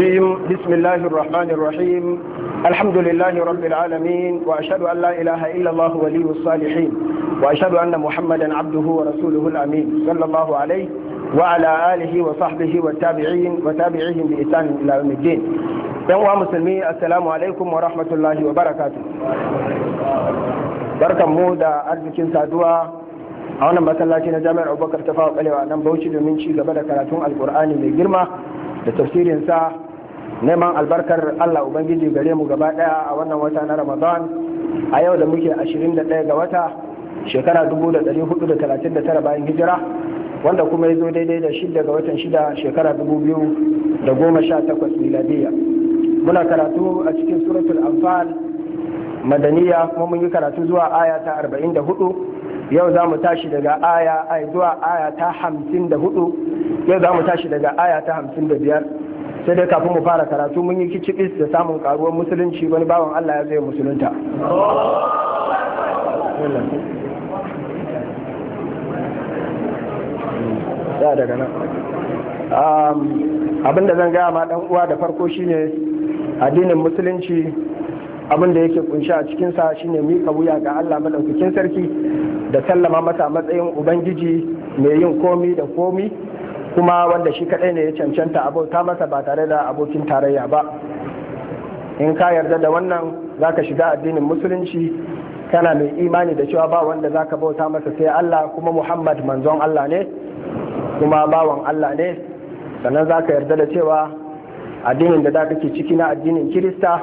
بسم الله الرحمن الرحيم الحمد لله رب العالمين وأشهد أن لا إله إلا الله ولي الصالحين وأشهد أن محمدا عبده ورسوله الأمين صلى الله عليه وعلى آله وصحبه والتابعين وتابعيهم بإحسان إلى يوم الدين يوم مسلمي السلام عليكم ورحمة الله وبركاته بركة مودة أرجوكين سادوة a wannan masallaci na jami'ar abubakar ta fawa balewa nan bauchi domin ci gaba da karatun alkur'ani mai girma da tafsirinsa neman albarkar Allah Ubangiji gare mu gaba daya a wannan wata na Ramadan a yau da muke 21 ga wata shekara 1439 bayan hijira wanda kuma ya zo daidai da shida ga watan shida shekara 2018 miladiya muna karatu a cikin suratul anfal madaniya kuma mun yi karatu zuwa aya ta 44 yau za mu tashi daga aya zuwa aya ta 54 yau za mu tashi daga aya ta 55 sai dai kafin mu fara karatu mun yi kicibis da samun karuwar musulunci wani bawan Allah ya zai musulunta abin da zan gaya ma dan uwa da farko shine addinin musulunci abin da yake kunshi a cikinsa shine mika wuya ga Allah madaukakin sarki da sallama masa matsayin ubangiji mai yin komi da komi kuma wanda shi kadai ne ya cancanta abota masa ba tare da abokin tarayya ba in ka yarda da wannan za ka shiga addinin musulunci kana mai imani da cewa ba wanda za ka bauta masa sai Allah kuma Muhammad manzon Allah ne kuma bawan Allah ne sannan za ka yarda da cewa addinin da za kake ciki na addinin Kirista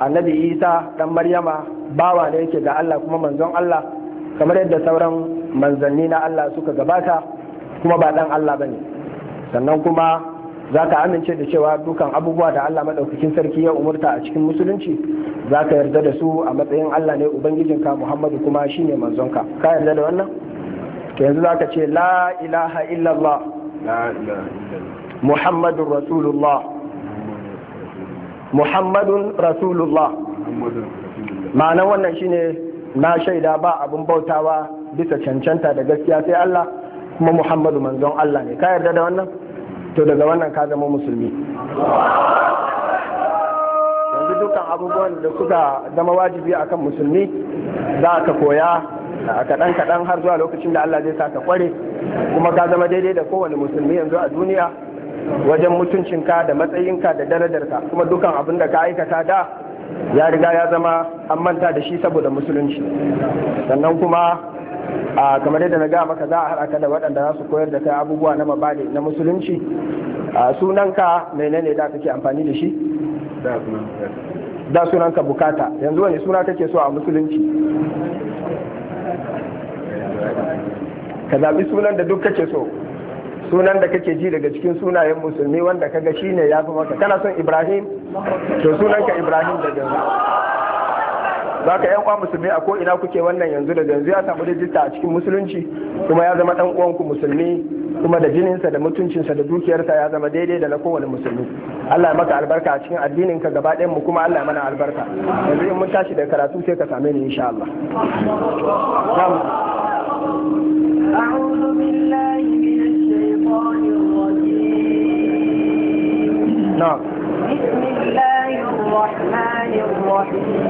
annabi Isa dan Maryama bawa ne yake ga Allah kuma manzon Allah kamar yadda sauran manzanni na Allah suka gabata kuma ba dan Allah bane sannan kuma za ka amince da cewa dukan abubuwa da Allah maɗaukakin sarki ya umurta a cikin musulunci za ka yarda da su a matsayin Allah ne ubangijinka Muhammadu kuma shine manzonka ka yarda da wannan ke yanzu za ka ce la ilaha illallah muhammadun rasulullah muhammadun rasulullah ma'anan wannan shine na shaida ba abin bautawa bisa cancanta da gaskiya sai Allah kuma muhammadu manzon Allah ne ka yarda da wannan to daga wannan ka zama musulmi yanzu dukkan abubuwan da suka zama wajibi a kan musulmi za ka koya a kaɗan kaɗan har zuwa lokacin da Allah zai sa ka kware kuma ka zama daidai da kowane musulmi yanzu a duniya wajen mutuncinka da matsayinka da darajarka kuma dukan abin da ka aikata da ya riga ya zama an manta da shi saboda musulunci sannan kuma a kamar yadda na gaya maka za a haɗa ka da waɗanda za su koyar da kai abubuwa na mabadi na musulunci a sunanka menene da kake amfani da shi da sunanka bukata yanzu wani suna kake so a musulunci ka zaɓi sunan da duk kake so sunan da kake ji daga cikin sunayen musulmi wanda kaga shine ya fi maka kana son ibrahim to sunanka ibrahim daga za ka yan uwa musulmi a ko'ina kuke wannan yanzu da yanzu ya samu rijista a cikin musulunci kuma ya zama dan uwanku musulmi kuma da jininsa da mutuncinsa da dukiyarsa ya zama daidai da na kowane musulmi Allah ya maka albarka a cikin addinin ka gaba mu kuma Allah ya mana albarka yanzu in mun tashi da karatu sai ka same ni insha Allah الرحمن الرحيم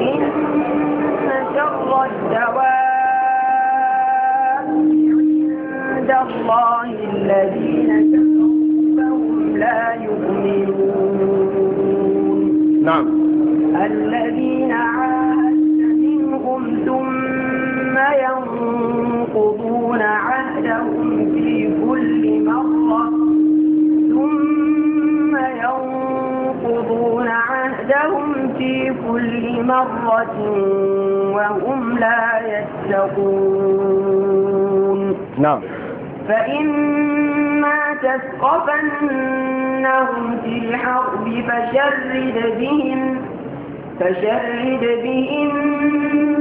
إن شر الدواب الله الذين كفروا لا يؤمنون نعم الذين عاهدت منهم ثم ينقضون مرة وهم لا يتقون نعم فإما تثقفنهم في الحرب فشرد بهم فشرد بهم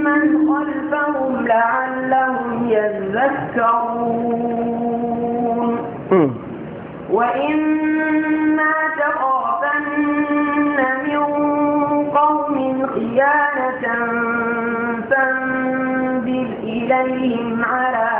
من خلفهم لعلهم يذكرون وإما تقاتلوا خيانة فانبذ إليهم على